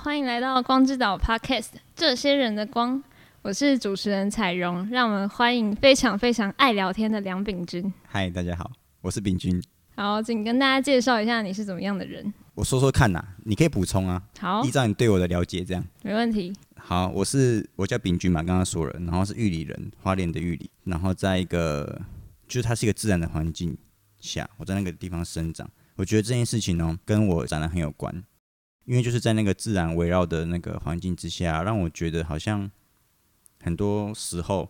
歡迎來到光之島 Podcast，這些人的光，我是主持人綵容，讓我們歡迎非常非常愛聊天的梁秉鈞。嗨，大家好，我是秉鈞。好，請跟大家介紹一下你是怎麼樣的人。我說說看吶、啊，你可以補充啊。好，依照你對我的了解，這樣沒問題。好，我是我叫秉鈞嘛，剛剛說了，然後是玉里人，花蓮的玉里，然後在一個就是它是一個自然的環境下，我在那個地方生長，我覺得這件事情呢、哦，跟我長得很有關。因為就是在那個自然圍繞的那個環境之下，讓我覺得好像很多時候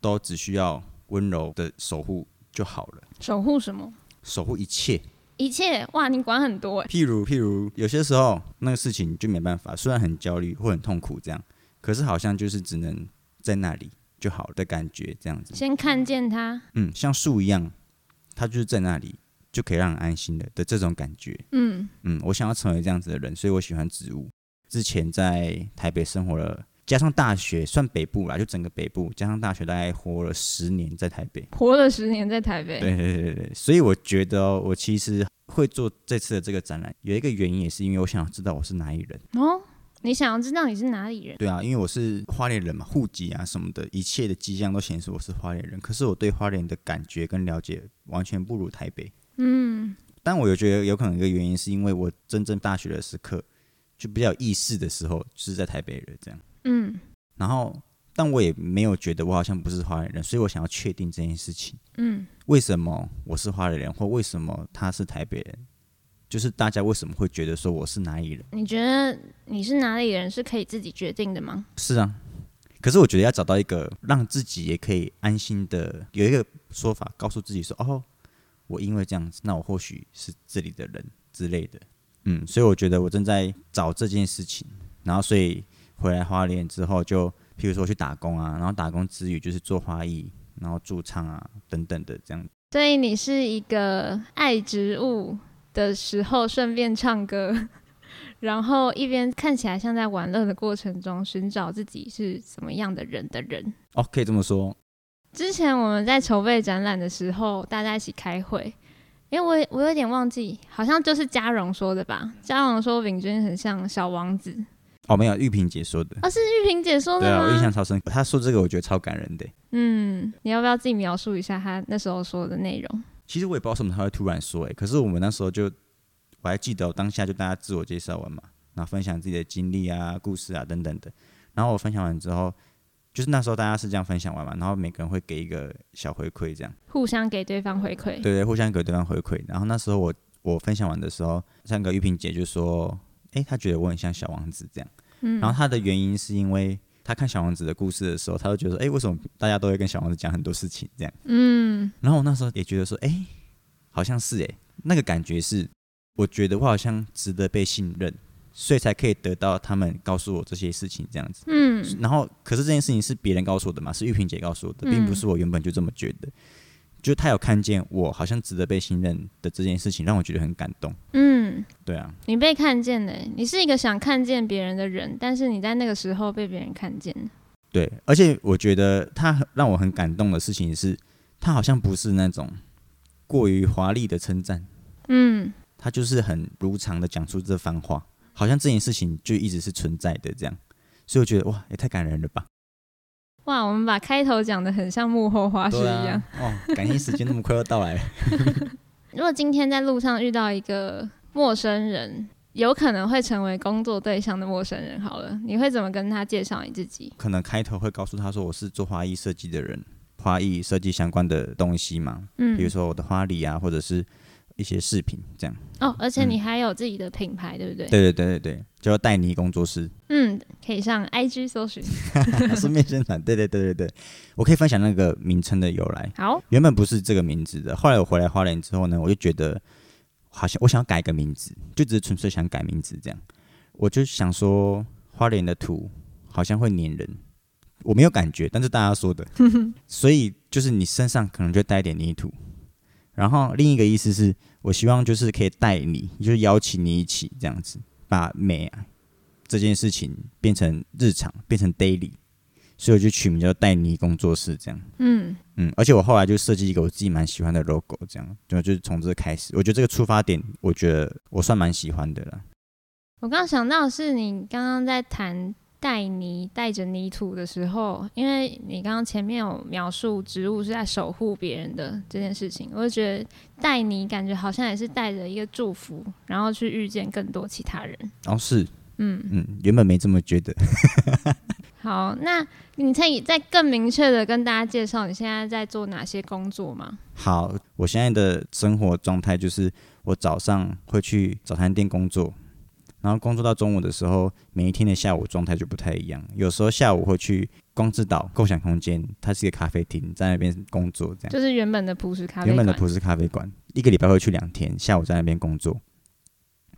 都只需要溫柔的守護就好了。守護什麼？守護一切。一切，哇，你管很多。譬如譬如，有些時候那個事情就沒辦法，雖然很焦慮或很痛苦這樣，可是好像就是只能在那裡就好的感覺，這樣子。先看見它，嗯，像樹一樣，它就是在那裡。就可以讓人安心的的這種感覺，嗯嗯，我想要成為這樣子的人，所以我喜歡植物。之前在台北生活了，加上大學算北部啦，就整個北部加上大學，大概活了十年在台北，活了十年在台北。對對對對對，所以我覺得喔，我其實會做這次的這個展覽，有一個原因也是因為我想要知道我是哪裡人。哦，你想要知道你是哪裡人？對啊，因為我是花蓮人嘛，戶籍啊什麼的，一切的跡象都顯示我是花蓮人，可是我對花蓮的感覺跟了解完全不如台北。嗯，但我又覺得有可能一個原因是因為我真正大學的時刻就比較意識的時候，就是在台北人這樣，嗯，然後但我也沒有覺得我好像不是花蓮人，所以我想要確定這件事情，嗯，為什麼我是花蓮人或為什麼他是台北人，就是大家為什麼會覺得說我是哪裡人？你覺得你是哪裡人是可以自己決定的嗎？是啊，可是我覺得要找到一個讓自己也可以安心的有一個說法，告訴自己說哦。我因為這樣子，那我或許是這裡的人之類的，嗯，所以我覺得我正在找這件事情，然後所以回來花蓮之後就，就譬如說去打工啊，然後打工之餘就是做花藝，然後駐唱啊等等的這樣。所以你是一個愛植物的時候順便唱歌， 然後一邊看起來像在玩樂的過程中尋找自己是什麼樣的人的人，哦，可以這麼說。之前我們在籌備展覽的時候，大家一起開會，因、欸、為我我有點忘記，好像就是嘉榮說的吧。嘉榮說秉鈞很像小王子。哦，沒有，玉萍姐說的。啊、哦，是玉萍姐說的。對啊，我印象超深。她說這個，我覺得超感人的。嗯，你要不要自己描述一下她那時候說的內容？其實我也不知道什麼她會突然說、欸，哎，可是我們那時候就，我還記得我當下就大家自我介紹完嘛，然後分享自己的經歷啊、故事啊等等的。然後我分享完之後。就是那時候大家是這樣分享完嘛，然後每個人會給一個小回饋，這樣互相給對方回饋。對，對對，互相給對方回饋。然後那時候我我分享完的時候，像個玉萍姐就說：“哎、欸，她覺得我很像小王子這樣。”嗯。然後她的原因是因為她看小王子的故事的時候，她就覺得：“哎、欸，為什麼大家都會跟小王子講很多事情？”這樣。嗯。然後我那時候也覺得說：“哎、欸，好像是哎、欸，那個感覺是，我覺得我好像值得被信任。”所以才可以得到他們告訴我這些事情這樣子，嗯，然後可是這件事情是別人告訴我的嘛？是玉萍姐告訴我的，並不是我原本就這麼覺得。就他有看見我，好像值得被信任的這件事情，讓我覺得很感動。嗯，對啊，你被看見呢，你是一個想看見別人的人，但是你在那個時候被別人看見。對，而且我覺得他讓我很感動的事情是，他好像不是那種過於華麗的稱讚，嗯，他就是很如常的講出這番話。好像這件事情就一直是存在的這樣，所以我覺得哇，也太感人了吧！哇，我們把開頭講得很像幕後花絮一樣哦、啊，感應時間那麼快要到來了。 如果今天在路上遇到一個陌生人，有可能會成為工作對象的陌生人，好了，你會怎麼跟他介紹你自己？可能開頭會告訴他說，我是做花藝設計的人，花藝設計相關的東西嘛，嗯，比如說我的花禮啊，或者是。一些飾品這樣哦，而且你還有自己的品牌，對不對？對對對對對，叫做黛泥工作室。嗯，可以上 IG 搜尋，順便宣傳。對對對對對，我可以分享那個名稱的由來。好，原本不是這個名字的，後來我回來花蓮之後呢，我就覺得好像我想要改個名字，就只是純粹想改名字這樣。我就想說，花蓮的土好像會黏人，我沒有感覺，但是大家說的， 所以就是你身上可能就帶一點泥土。然後另一個意思是我希望就是可以帶你，就是邀請你一起這樣子，把美啊，這件事情變成日常，變成 daily，所以我就取名叫「帶你工作室」這樣。嗯嗯，而且我後來就設計一個我自己蠻喜歡的 logo，這樣，就就是從這個開始，我覺得這個出發點，我覺得我算蠻喜歡的了。我剛想到的是，你剛剛在談。帶泥帶着泥土的時候，因為你剛剛前面有描述植物是在守護別人的這件事情，我就覺得帶泥感覺好像也是帶着一個祝福，然後去遇見更多其他人。哦，是，嗯嗯，原本沒這麼覺得。 好，那你可以再更明確的跟大家介紹你現在在做哪些工作嗎？好，我現在的生活狀態就是我早上會去早餐店工作。然後工作到中午的時候，每一天的下午狀態就不太一樣。有時候下午會去光之島共享空間，它是一個咖啡廳，在那邊工作這樣。就是原本的璞石咖啡。原本的璞石咖啡館，一個禮拜會去兩天，下午在那邊工作。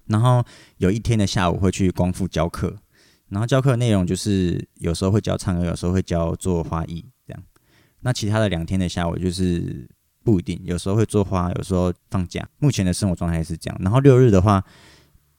然後有一天的下午會去光復教課，然後教課內容就是有時候會教唱歌，有時候會教做花藝這樣。那其他的兩天的下午就是不一定，有時候會做花，有時候放假。目前的生活狀態是這樣。然後六日的話。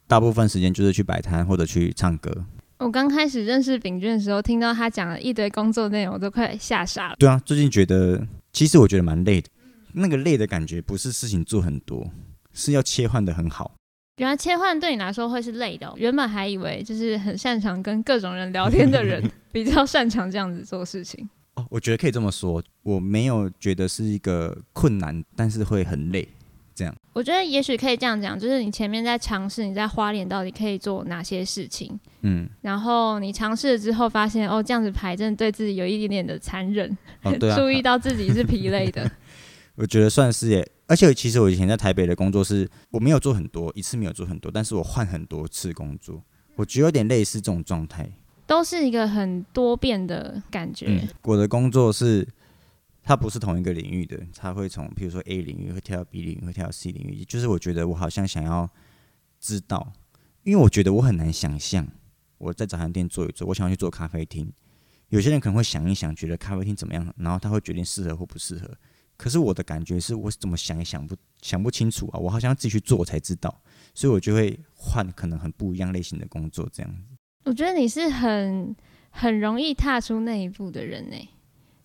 大部分時間就是去擺攤或者去唱歌。我剛開始認識秉鈞的時候，聽到他講了一堆工作內容，我都快嚇傻了。對啊，最近覺得其實我覺得蠻累的，那個累的感覺不是事情做很多，是要切換得很好。原來切換對你來說會是累的哦，原本還以為就是很擅長跟各種人聊天的人 比較擅長這樣子做事情。哦，我覺得可以這麼說，我沒有覺得是一個困難，但是會很累。這樣，我覺得也許可以這樣講，就是你前面在嘗試，你在花蓮到底可以做哪些事情，嗯，然後你嘗試了之後發現，哦，這樣子排真的對自己有一點點的殘忍，哦對啊、注意到自己是疲累的。好 我覺得算是耶，而且其實我以前在台北的工作是，我沒有做很多，一次沒有做很多，但是我換很多次工作，我覺得有點類似這種狀態，嗯、都是一個很多變的感覺。嗯、我的工作是，它不是同一個領域的，他會從，譬如說 A 領域會跳到 B 領域，會跳到 C 領域，就是我覺得我好像想要知道，因為我覺得我很難想象我在早餐店做一做，我想要去做咖啡廳，有些人可能會想一想，覺得咖啡廳怎麼樣，然後他會決定適合或不適合。可是我的感覺是，我怎麼想也想不，想不清楚啊，我好像要自己去做才知道，所以我就會換可能很不一樣類型的工作這樣子。我覺得你是很很容易踏出那一步的人呢、欸。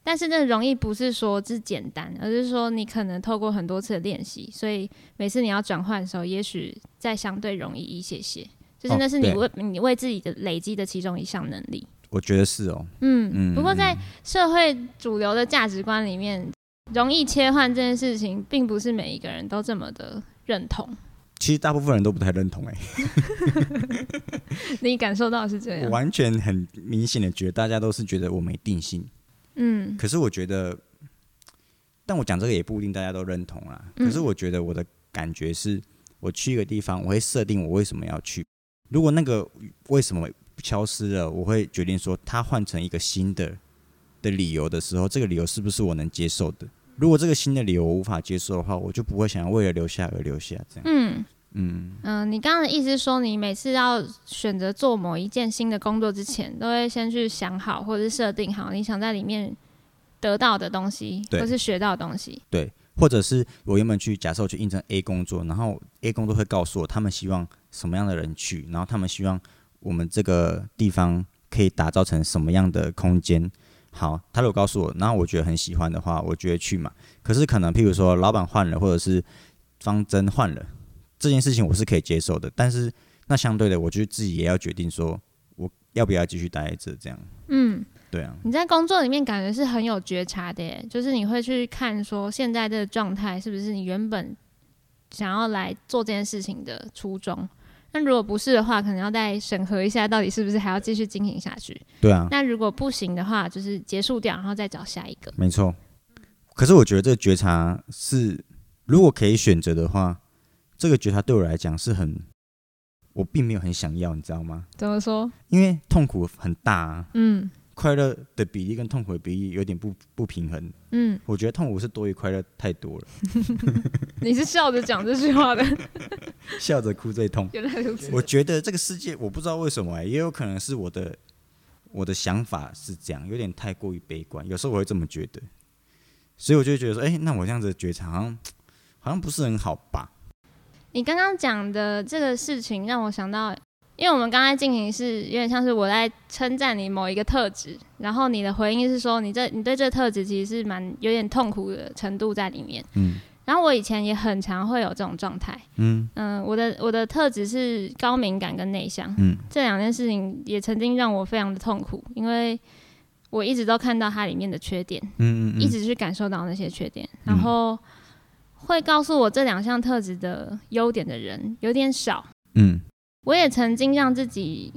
但是那容易，不是說是簡單，而是說你可能透過很多次的練習，所以每次你要轉換的時候，也許再相對容易一些些，就是那是你為你為自己的累積的其中一項能力、哦。我覺得是哦，嗯，嗯。不過在社會主流的價值觀裡面，容易切換這件事情，並不是每一個人都這麼的認同。其實大部分人都不太認同哎、欸， 你感受到是這樣，我完全很明顯的覺得大家都是覺得我沒定性。嗯，可是我覺得，但我講這個也不一定大家都認同啦。嗯、可是我覺得我的感覺是，我去一個地方，我會設定我為什麼要去。如果那個為什麼消失了，我會決定說，它換成一個新的的理由的時候，這個理由是不是我能接受的？如果這個新的理由我無法接受的話，我就不會想要為了留下而留下這樣。嗯。嗯嗯，呃、你剛剛的意思說，你每次要選擇做某一件新的工作之前，都會先去想好，或者是設定好你想在裡面得到的東西，對或是學到的東西。對，或者是我原本去假設我去應徵 A 工作，然後 A 工作會告訴我他們希望什麼樣的人去，然後他們希望我們這個地方可以打造成什麼樣的空間。好，他如果告訴我，然後我覺得很喜歡的話，我就會去嘛。可是可能譬如說老闆換了，或者是方針換了。這件事情我是可以接受的，但是那相對的，我就自己也要決定說，我要不要繼續待着這，這樣。嗯，對啊。你在工作裡面感覺是很有覺察的，就是你會去看說，現在這個狀態是不是你原本想要來做這件事情的初衷。那如果不是的話，可能要再審核一下，到底是不是還要繼續進行下去。對啊。那如果不行的話，就是結束掉，然後再找下一個。沒錯。可是我覺得這個覺察是，如果可以選擇的話。這個覺察對我來講是很，我並沒有很想要，你知道嗎？怎麼說？因為痛苦很大，啊，嗯，快樂的比例跟痛苦的比例有點不不平衡，嗯，我覺得痛苦是多於快樂太多了。 你是笑着講這句話的，笑， 笑着哭最痛。我覺得這個世界，我不知道為什麼，欸，也有可能是我的我的想法是這樣，有點太過於悲觀，有時候我會這麼覺得，所以我就覺得說，哎，欸，那我這樣子覺察好像好像不是很好吧。你剛剛講的這個事情讓我想到，因為我們剛才進行是有點像是我在稱讚你某一個特質，然後你的回應是說你這你對這特質其實是蠻有點痛苦的程度在裡面。嗯。然後我以前也很常會有這種狀態。嗯、呃。我的我的特質是高敏感跟內向。嗯。這兩件事情也曾經讓我非常的痛苦，因為我一直都看到它裡面的缺點。嗯嗯嗯。一直去感受到那些缺點，然後。嗯會告訴我這兩項特質的優點的人有點少。嗯，我也曾經讓自己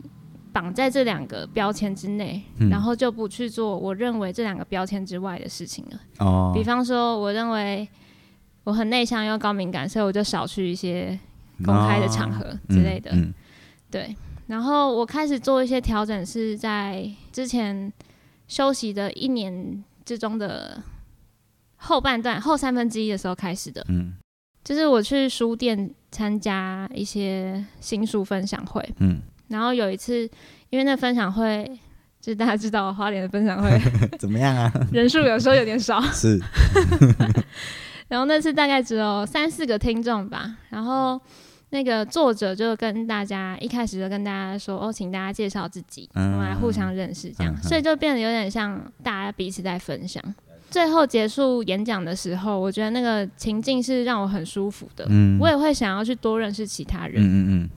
綁在這兩個標籤之內，嗯、然後就不去做我認為這兩個標籤之外的事情了。哦，比方說，我認為我很內向又高敏感，所以我就少去一些公開的場合之類的。哦嗯嗯、對，然後我開始做一些調整，是在之前休息的一年之中的。後半段，後三分之一的時候開始的，嗯，就是我去書店參加一些新書分享會，嗯，然後有一次，因為那分享會就是大家知道我花蓮的分享會呵呵怎麼樣啊？人數有時候有點少，是， 然後那次大概只有三四個聽眾吧，然後那個作者就跟大家一開始就跟大家說哦，請大家介紹自己，我們來互相認識，這樣，嗯嗯嗯嗯所以就變得有點像大家彼此在分享。最後結束演講的時候，我覺得那個情境是讓我很舒服的。嗯、我也會想要去多認識其他人。嗯嗯嗯。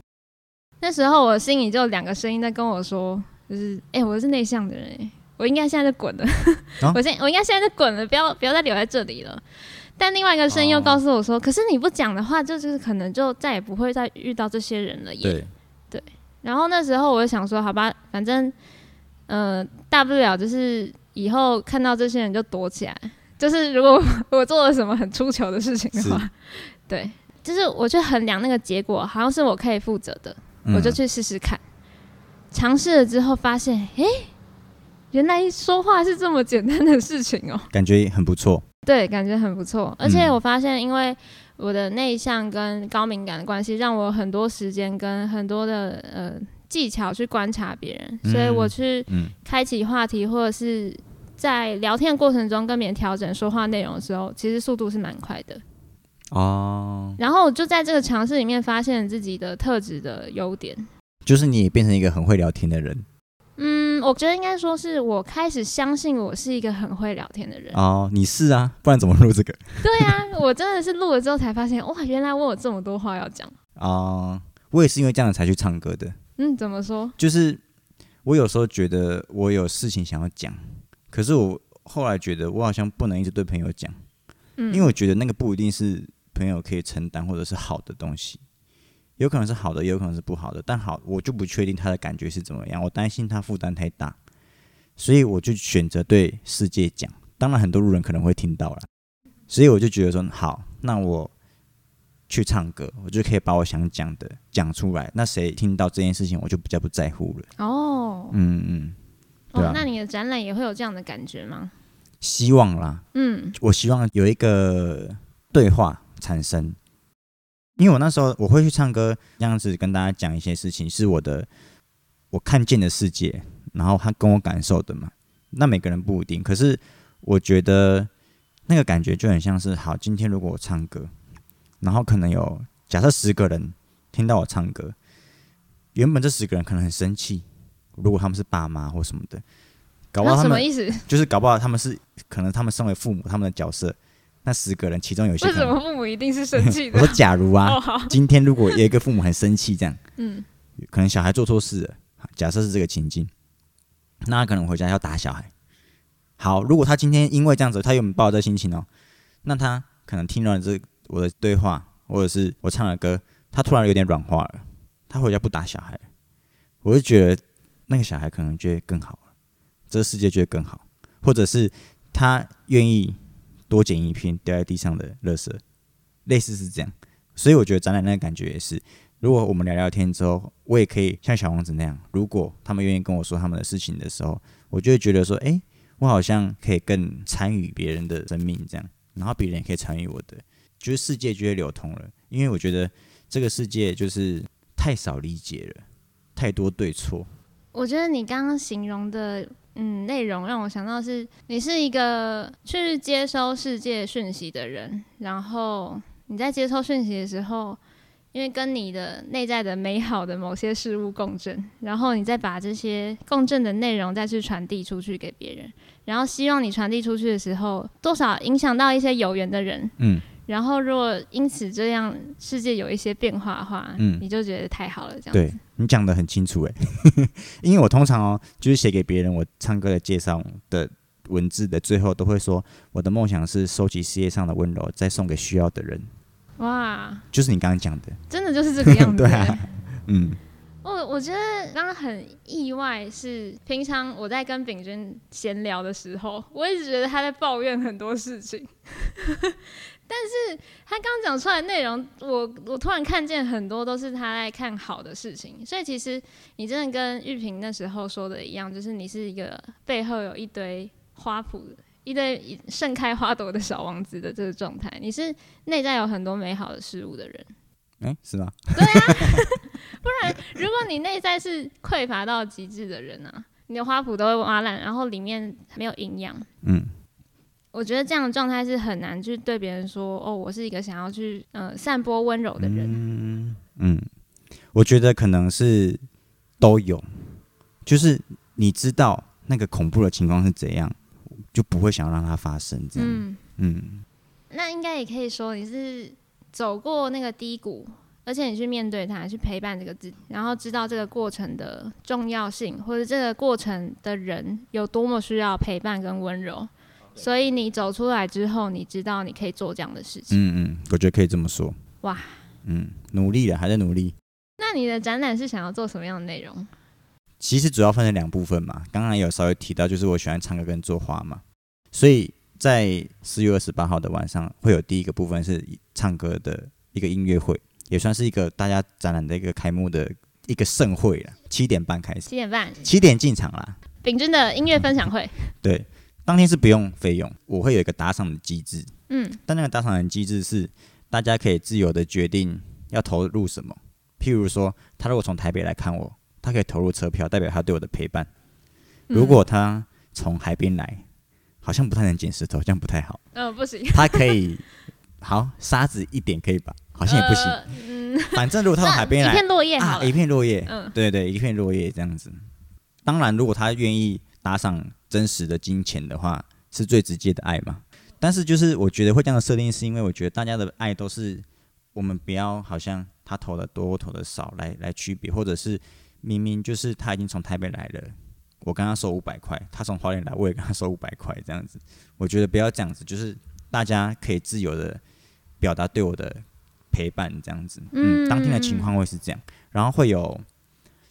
那時候我心裡就兩個聲音在跟我說，就是哎、欸，我是內向的人，我應該現在就滾了。 啊、我現我應該現在就滾了，不要不要再留在這裡了。但另外一個聲音又告訴我說，哦、可是你不講的話，就，就是可能就再也不會再遇到這些人了耶。對對。然後那時候我就想說，好吧，反正，呃，大不了就是。以後看到這些人就躲起來，就是如果我做了什麼很出糗的事情的話，是對，就是我去衡量那個結果好像是我可以負責的，嗯、我就去試試看，嘗試了之後發現，誒原來說話是這麼簡單的事情哦，感覺很不錯，對，感覺很不錯，而且我發現因為我的內向跟高敏感的關係，讓我很多時間跟很多的呃。技巧去觀察別人，嗯、所以我去開啟話題，或者是在聊天的過程中跟別人調整說話內容的時候，其實速度是蠻快的哦。然後我就在這個嘗試裡面發現自己的特質的優點，就是你變成一個很會聊天的人。嗯，我覺得應該說是我開始相信我是一個很會聊天的人哦。你是啊？不然怎麼錄這個？ 對啊，我真的是錄了之後才發現，哇，原來我有這麼多話要講哦。我也是因為這樣才去唱歌的。嗯，怎麼說？就是我有時候覺得我有事情想要講，可是我後來覺得我好像不能一直對朋友講，嗯、因為我覺得那個不一定是朋友可以承擔或者是好的東西，有可能是好的，也有可能是不好的。但好，我就不確定他的感覺是怎麼樣，我擔心他負擔太大，所以我就選擇對世界講。當然，很多路人可能會聽到了，所以我就覺得說好，那我。去唱歌，我就可以把我想講的講出來。那誰聽到這件事情，我就比較不在乎了。哦，嗯嗯，對，哦，那你的展覽也會有這樣的感覺嗎？希望啦，嗯，我希望有一個對話產生。因為我那時候我會去唱歌，這樣子跟大家講一些事情，是我的我看見的世界，然後他跟我感受的嘛。那每個人不一定，可是我覺得那個感覺就很像是，好，今天如果我唱歌。然後可能有假設十個人聽到我唱歌，原本這十個人可能很生氣。如果他們是爸媽或什麼的，搞不好他們什麼意思？就是搞不好他們是可能他們身為父母他們的角色，那十個人其中有一些為什麼父母，母一定是生氣的？ 我說假如啊，oh, 好今天如果有一個父母很生氣這樣， 嗯，可能小孩做錯事了。假設是這個情境，那他可能回家要打小孩。好，如果他今天因為這樣子，他有抱這心情哦，那他可能聽到了這、就是。我的對話，或者是我唱的歌，他突然有點軟化了，他回家不打小孩，我就覺得那個小孩可能就會更好，這個世界就會更好，或者是他願意多撿一片掉在地上的垃圾，類似是這樣，所以我覺得展覽那個感覺也是，如果我們聊聊天之後，我也可以像小王子那樣，如果他們願意跟我說他們的事情的時候，我就會覺得說，誒，我好像可以更參與別人的生命這樣，然後別人也可以參與我的。我覺得世界就會流通了，因為我覺得這個世界就是太少理解了，太多對錯。我覺得你剛剛形容的，嗯，內容讓我想到是，你是一個去接收世界訊息的人，然後你在接收訊息的時候，因為跟你的內在的美好的某些事物共振，然後你再把這些共振的內容再去傳遞出去給別人，然後希望你傳遞出去的時候，多少影響到一些有緣的人，嗯。然後，如果因此這樣世界有一些變化的話，嗯，你就覺得太好了，這樣子。對，你講得很清楚，哎， 因為我通常哦，就是寫給別人我唱歌的介紹的文字的最後都會說，我的夢想是收集世界上的溫柔，再送給需要的人。哇，就是你剛剛講的，真的就是這個樣子，子。 對啊，嗯。我我覺得剛剛很意外是，是平常我在跟秉鈞閒聊的時候，我一直覺得他在抱怨很多事情。 但是他剛講出來內容，我我突然看見很多都是他在看好的事情，所以其實你真的跟玉萍那時候說的一樣，就是你是一個背後有一堆花圃、一堆盛開花朵的小王子的這個狀態，你是內在有很多美好的事物的人，哎、欸，是嗎？對啊， 不然如果你內在是匱乏到極致的人呢、啊，你的花圃都會挖爛，然後裡面沒有營養，嗯。我覺得這樣的狀態是很難去對別人說：“哦，我是一個想要去呃散播溫柔的人。”嗯，嗯，我覺得可能是都有，就是你知道那個恐怖的情況是怎樣，就不會想讓它發生這樣，嗯，嗯。那應該也可以說你是走過那個低谷，而且你去面對它，去陪伴這個自己，然後知道這個過程的重要性，或者這個過程的人有多麼需要陪伴跟溫柔。所以你走出來之後，你知道你可以做這樣的事情。嗯嗯，我覺得可以這麼說。哇，嗯，努力了，還在努力。那你的展覽是想要做什麼樣的內容？其實主要分成兩部分嘛，剛剛有稍微提到，就是我喜歡唱歌跟作畫嘛。所以在四月二十八號的晚上，會有第一個部分是唱歌的一個音樂會，也算是一個大家展覽的一個開幕的一個盛會了。七點半開始，七點半，七點進場啦。秉鈞的音樂分享會，嗯，對。當天是不用費用，我會有一個打賞的機制。嗯。但那個打賞的機制是，大家可以自由的決定要投入什麼。譬如說，他如果從台北來看我，他可以投入車票，代表他對我的陪伴。嗯。如果他從海邊來，好像不太能撿石頭，這樣不太好。嗯，不行。他可以，好沙子一點可以吧？好像也不行。呃，嗯。反正如果他從海邊來一片落葉好。啊，一片落葉。一片落葉。嗯。對，對對，一片落葉這樣子。當然，如果他願意打賞。真實的金錢的話，是最直接的愛嘛？但是就是我覺得會這樣的設定，是因為我覺得大家的愛都是我們不要好像他投的多，投的少來來區別，或者是明明就是他已經從台北來了，我跟他收五百塊，他從花蓮來我也跟他收五百塊，這樣子，我覺得不要這樣子，就是大家可以自由的表達對我的陪伴這樣子。嗯，嗯，當天的情況會是這樣，然後會有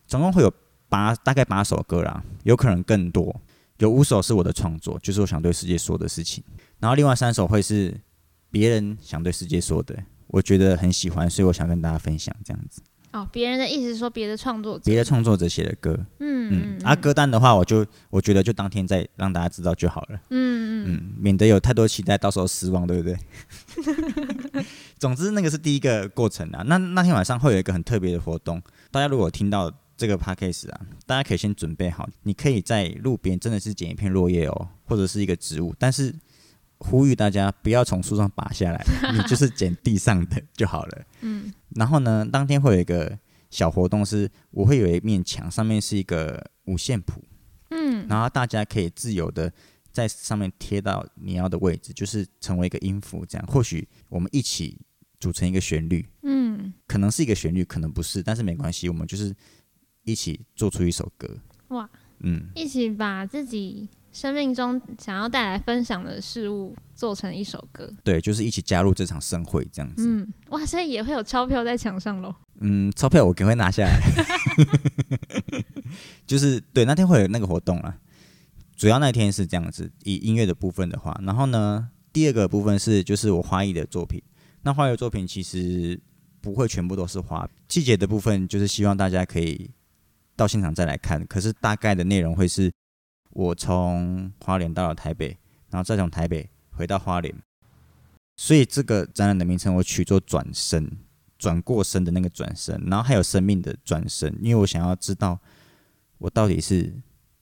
總共會有八，大概八首歌啦，有可能更多。有五首是我的創作，就是我想對世界說的事情。然後另外三首會是別人想對世界說的，我覺得很喜歡，所以我想跟大家分享這樣子。哦，別人的意思是說別的創作者，別的創作者寫的歌。嗯嗯。嗯嗯啊，歌單的話，我就我覺得就當天再讓大家知道就好了。嗯嗯，嗯。免得有太多期待，到時候失望，對不對？ 總之，那個是第一個過程啊。那那天晚上會有一個很特別的活動，大家如果聽到。這個 p a r c a s e 啊，大家可以先準備好。你可以在路邊真的是撿一片落葉哦，或者是一個植物，但是呼籲大家不要從樹上拔下來， 你就是撿地上的就好了。嗯。然後呢，當天會有一個小活動是，是我會有一面牆，上面是一個五線譜。嗯。然後大家可以自由的在上面貼到你要的位置，就是成為一個音符，這樣或許我們一起組成一個旋律。嗯。可能是一個旋律，可能不是，但是沒關係，我們就是。一起做出一首歌，哇，嗯，一起把自己生命中想要帶來分享的事物做成一首歌，對，就是一起加入這場盛會這樣子，嗯，哇，所以也會有鈔票在牆上嘍，嗯，鈔票我給會拿下來， 就是對，那天會有那個活動了，主要那天是這樣子，以音樂的部分的話，然後呢，第二個部分是就是我花藝的作品，那花藝作品其實不會全部都是花，季節的部分就是希望大家可以。到現場再來看，可是大概的內容會是：我從花蓮到了台北，然後再從台北回到花蓮。所以這個展覽的名稱我取作“轉身”，轉過身的那個轉身，然後還有生命的轉身，因為我想要知道我到底是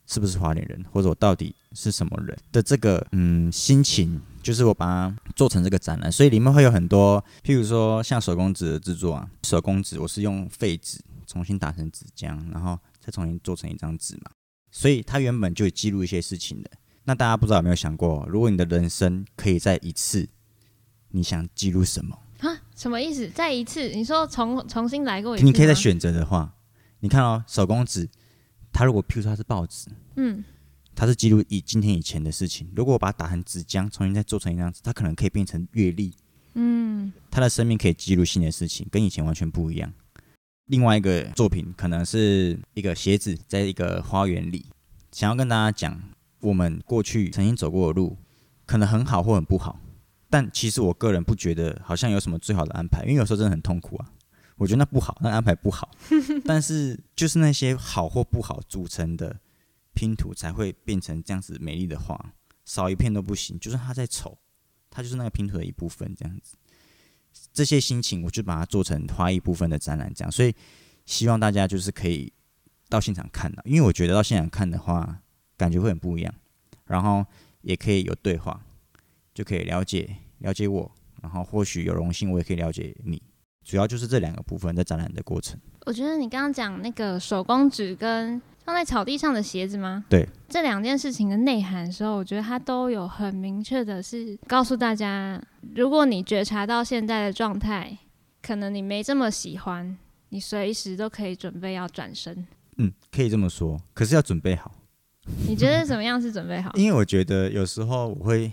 是不是花蓮人，或者我到底是什麼人的這個嗯心情，就是我把它做成這個展覽。所以裡面會有很多，譬如說像手工紙的制作啊，手工紙我是用廢紙。重新打成紙漿，然後再重新做成一張紙嘛。所以它原本就有記錄一些事情的。那大家不知道有沒有想過，如果你的人生可以再一次，你想記錄什麼？啊，什麼意思？再一次，你說重重新來過一次？你可以再選擇的話，你看哦，手工紙，它如果譬如說它是報紙，嗯，它是記錄以今天以前的事情。如果我把它打成紙漿，重新再做成一張紙，它可能可以變成閱歷，嗯，它的生命可以記錄新的事情，跟以前完全不一樣。另外一個作品，可能是一個鞋子，在一個花園裡，想要跟大家講，我們過去曾經走過的路，可能很好或很不好，但其實我個人不覺得好像有什麼最好的安排，因為有時候真的很痛苦啊，我覺得那不好，那個、安排不好， 但是就是那些好或不好組成的拼圖，才會變成這樣子美麗的畫，少一片都不行，就算它再醜，它就是那個拼圖的一部分，這樣子。這些心情，我就把它做成花藝部分的展覽這樣，所以希望大家就是可以到現場看啊，因為我覺得到現場看的話，感覺會很不一樣，然後也可以有對話，就可以了解了解我，然後或許有榮幸，我也可以了解你。主要就是這兩個部分在展覽的過程。我覺得你剛剛講那個手工紙跟。放在草地上的鞋子嗎？對，這兩件事情的內涵的時候，我覺得它都有很明確的，是告訴大家，如果你覺察到現在的狀態，可能你沒這麼喜歡，你隨時都可以準備要轉身。嗯，可以這麼說，可是要準備好。你覺得怎麼樣是準備好？嗯，因為我覺得有時候我會。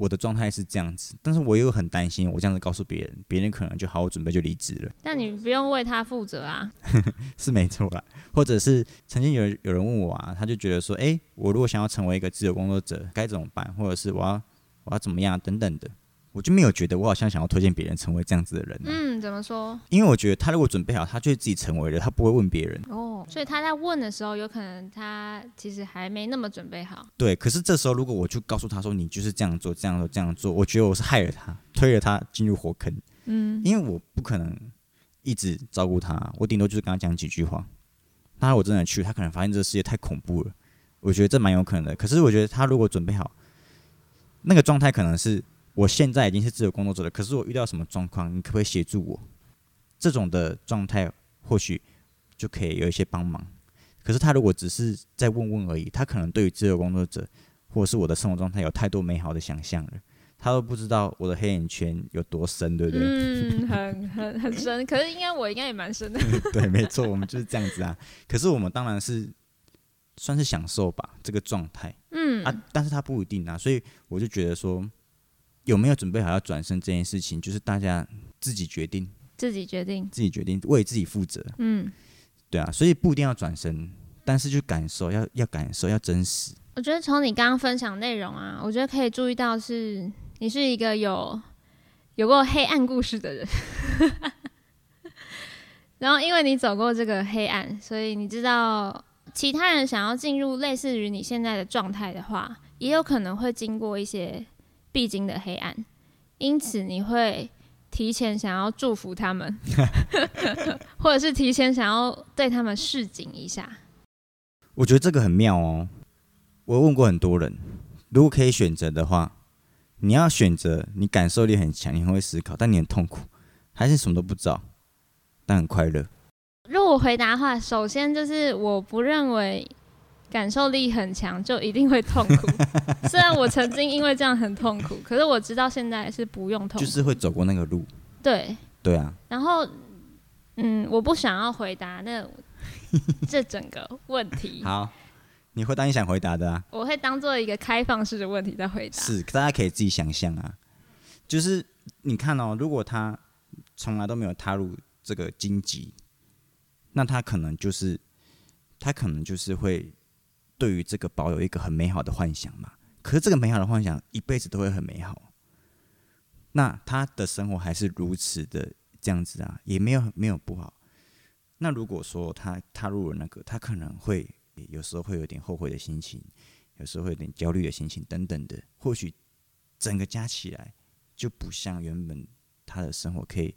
我的狀態是這樣子，但是我又很擔心，我這樣子告訴別人，別人可能就好好準備就離職了。那你不用為他負責啊， 是沒錯啦。或者是曾經有有人問我啊，他就覺得說，哎、欸，我如果想要成為一個自由工作者，該怎麼辦？或者是我要我要怎麼樣、啊、等等的，我就沒有覺得我好像想要推薦別人成為這樣子的人、啊。嗯，怎麼說？因為我覺得他如果準備好，他就自己成為了，他不會問別人。哦。所以他在問的時候，有可能他其實還沒那麼準備好。對，可是這時候如果我就告訴他說，你就是這樣做，這樣做，這樣做，我覺得我是害了他，推了他進入火坑。嗯，因為我不可能一直照顧他，我頂多就是跟他講幾句話。當然我真的去，他可能發現這個世界太恐怖了，我覺得這蠻有可能的。可是我覺得他如果準備好，那個狀態可能是我現在已經是自由工作者了，可是我遇到什麼狀況，你可不可以協助我？這種的狀態或許。就可以有一些幫忙，可是他如果只是在問問而已，他可能對於自由工作者或者是我的生活狀態有太多美好的想象了，他都不知道我的黑眼圈有多深，對不對？嗯，很很很深， 可是應該我應該也蠻深的。 對，沒錯，我們就是這樣子啊。可是我們當然是算是享受吧，這個狀態，嗯啊，但是他不一定啊，所以我就覺得說有沒有準備好要轉身這件事情，就是大家自己決定，自己決定，自己決定，為自己負責，嗯。對啊，所以不一定要轉身，但是去感受，要要感受，要真實。我覺得從你剛剛分享內容啊，我覺得可以注意到是你是一個有有過黑暗故事的人， 然後因為你走過這個黑暗，所以你知道其他人想要進入類似於你現在的狀態的話，也有可能會經過一些必經的黑暗，因此你會。提前想要祝福他們， 或者是提前想要對他們示警一下。我覺得這個很妙哦。我問過很多人，如果可以選擇的話，你要選擇你感受力很強，你很會思考，但你很痛苦；還是什麼都不知道，但很快樂？如果我回答的話，首先就是我不認為。感受力很強，就一定會痛苦。雖然我曾經因為這樣很痛苦，可是我知道現在是不用痛苦。就是會走過那個路。對。對啊。然後，嗯，我不想要回答那這整個問題。 好，你回答你想回答的啊。我會當做一個開放式的問題在回答。是，大家可以自己想象啊。就是你看哦，如果他從來都沒有踏入這個荊棘，那他可能就是，他可能就是會。對於這個保有一個很美好的幻想嘛，可是這個美好的幻想一輩子都會很美好。那他的生活還是如此的這樣子啊，也沒有沒有不好。那如果說他踏入了那個，他可能會有時候會有點後悔的心情，有時候會有點焦慮的心情等等的。或許整個加起來就不像原本他的生活可以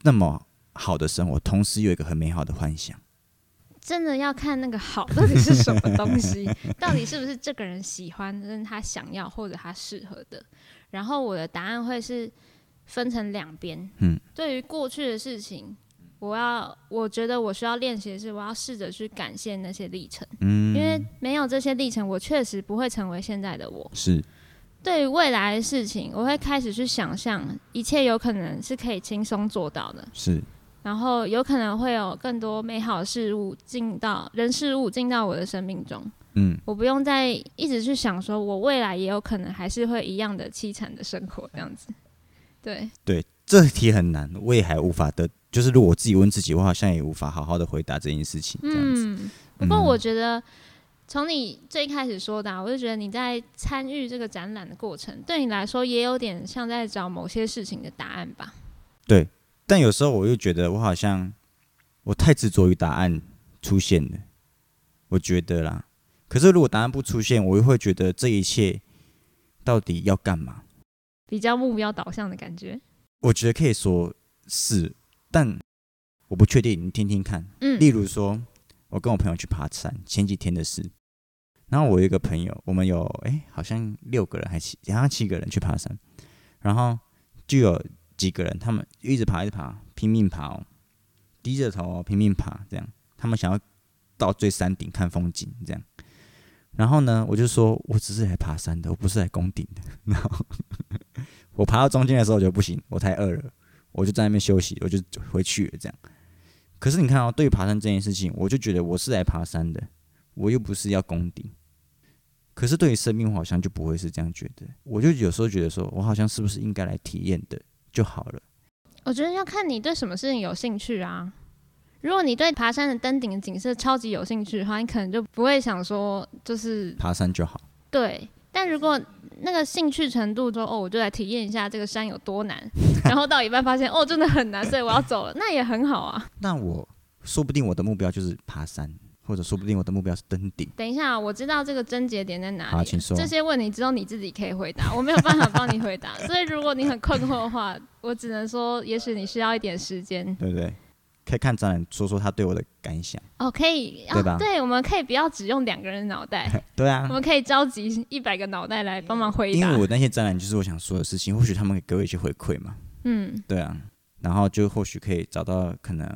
那麼好的生活，同時有一個很美好的幻想。真的要看那個好到底是什麼東西， 到底是不是這個人喜歡，是他想要或者他適合的。然後我的答案會是分成兩邊。嗯，對於過去的事情，我要我覺得我需要練習的是，我要試着去感謝那些歷程。嗯，因為沒有這些歷程，我確實不會成為現在的我。是。對於未來的事情，我會開始去想象，一切有可能是可以輕鬆做到的。是。然後有可能會有更多美好的事物進到人事物進到我的生命中，嗯，我不用再一直去想，說我未來也有可能還是會一樣的淒慘的生活這樣子，對對，這題很難，我也還無法得，就是如果我自己問自己，我好像也無法好好的回答這件事情這樣子。嗯，嗯，不過我覺得從你最開始說的，我就覺得你在參與這個展覽的過程，對你來說也有點像在找某些事情的答案吧？對。但有時候我又覺得我好像我太執着於答案出現了。我覺得啦。可是如果答案不出現，我又會覺得這一切到底要幹嘛？比較目標導向的感覺。我覺得可以說是，但我不確定。你聽聽看。嗯。例如說，我跟我朋友去爬山，前幾天的事。然後我有一個朋友，我們有哎、欸，好像六個人還是好像七個人去爬山，然後就有。幾個人，他們就一直爬，一直爬，拼命爬、哦，低着頭、哦、拼命爬，這樣。他們想要到最山頂看風景，這樣。然後呢，我就說，我只是來爬山的，我不是來攻頂的。然後 我爬到中間的時候，我覺得不行，我太餓了，我就在那邊休息，我就回去了，這樣。可是你看哦，對於爬山這件事情，我就覺得我是來爬山的，我又不是要攻頂。可是對於生命，我好像就不會是這樣覺得。我就有時候覺得說，我好像是不是應該來體驗的？就好了。我覺得要看你對什麼事情有興趣啊。如果你對爬山的登頂景色超級有興趣的話，你可能就不會想說就是爬山就好。對，但如果那個興趣程度說哦，我就來體驗一下這個山有多難， 然後到一半發現哦真的很難，所以我要走了， 那也很好啊。那我說不定我的目標就是爬山。或者說不定我的目標是登頂。等一下，我知道這個症結點在哪裡。啊、這些問題只有你自己可以回答，我沒有辦法幫你回答。 所以如果你很困惑的話，我只能說，也許你需要一點時間，對不對，對？可以看展覽，說說他對我的感想。哦，可以，要吧、啊？對，我們可以不要只用兩個人的腦袋。 對啊，我們可以召集一百個腦袋來幫忙回答。因為我那些展覽就是我想說的事情，或許他們可以給我一些回饋嘛。嗯，對啊，然後就或許可以找到可能。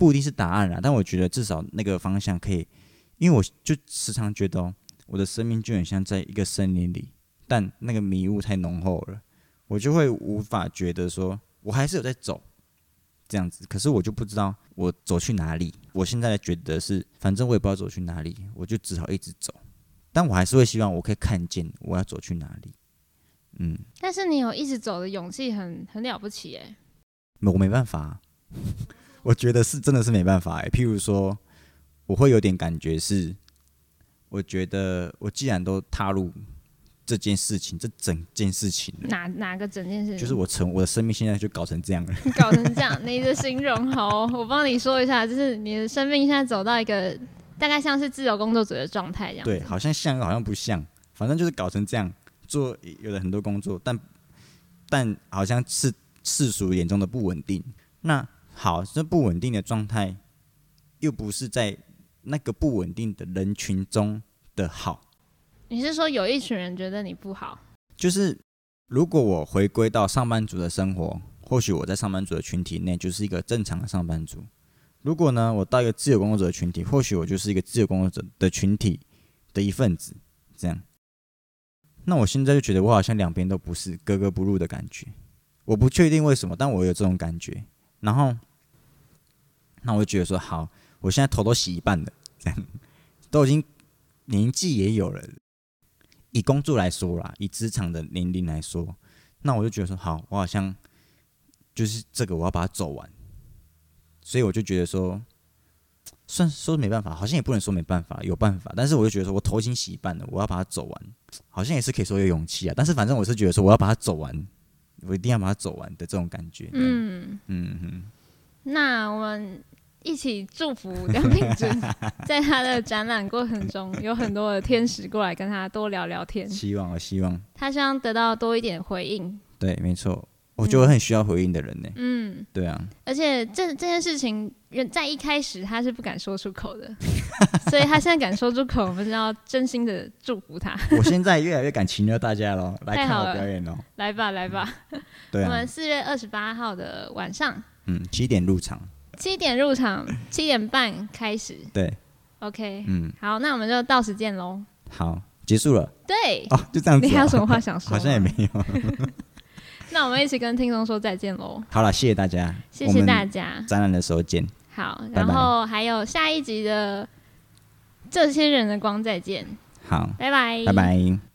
不一定是答案啦，但我覺得至少那個方向可以，因為我就時常覺得、喔、我的生命就很像在一個森林裡，但那個迷霧太濃厚了，我就會無法覺得說，我還是有在走，這樣子，可是我就不知道我走去哪裡。我現在覺得是，反正我也不知道走去哪裡，我就只好一直走，但我還是會希望我可以看見我要走去哪裡。嗯，但是你有一直走的勇氣，很很了不起哎。我沒辦法、啊。 我覺得是，真的是沒辦法哎、欸。譬如說，我會有點感覺是，我覺得我既然都踏入這件事情，這整件事情，哪哪個整件事情，就是我成我的生命現在就搞成這樣了，搞成這樣。你的形容好、哦， 我幫你說一下，就是你的生命現在走到一個大概像是自由工作者的狀態一樣。對，好像像，好像不像，反正就是搞成這樣，做有了很多工作，但但好像是世俗眼中的不穩定。那好，這不穩定的狀態，又不是在那個不穩定的人群中的好。你是說有一群人覺得你不好？就是如果我回歸到上班族的生活，或許我在上班族的群體內就是一個正常的上班族。如果呢，我到一個自由工作者的群體，或許我就是一個自由工作者的群體的一份子。這樣，那我現在就覺得我好像兩邊都不是，格格不入的感覺。我不確定為什麼，但我有這種感覺。然後。那我就覺得說好，我現在頭都洗一半了。 都已經年紀也有了。以工作來說啦，以職場的年齡來說，那我就覺得說好，我好像就是這個我要把它走完。所以我就覺得說，算說是沒辦法，好像也不能說沒辦法，有辦法。但是我就覺得說我頭已經洗一半了，我要把它走完，好像也是可以說有勇氣啊。但是反正我是覺得說我要把它走完，我一定要把它走完的這種感覺。嗯嗯哼。那我們一起祝福梁秉鈞，在他的展覽過程中， 有很多的天使過來跟他多聊聊天，希望啊希望，希望他希望得到多一點回應。對，沒錯，我覺得很需要回應的人呢、嗯。嗯，對啊。而且這這件事情在一開始他是不敢說出口的， 所以他現在敢說出口，我們是要真心的祝福他。 我現在越來越敢請求大家嘍，來看我表演嘍，來吧來吧，嗯啊、我們四月二十八號的晚上。嗯，七點入場，七點入場，七點半開始。對，OK，嗯，好，那我們就到時見嘍。好，結束了。對，哦，就這樣子。你還有什麼話想說嗎？好像也沒有。 那我們一起跟聽眾說再見嘍。好了，謝謝大家，謝謝大家。展覽的時候見。好，然後還有下一集的這些人的光再見。好，拜拜 bye，拜拜。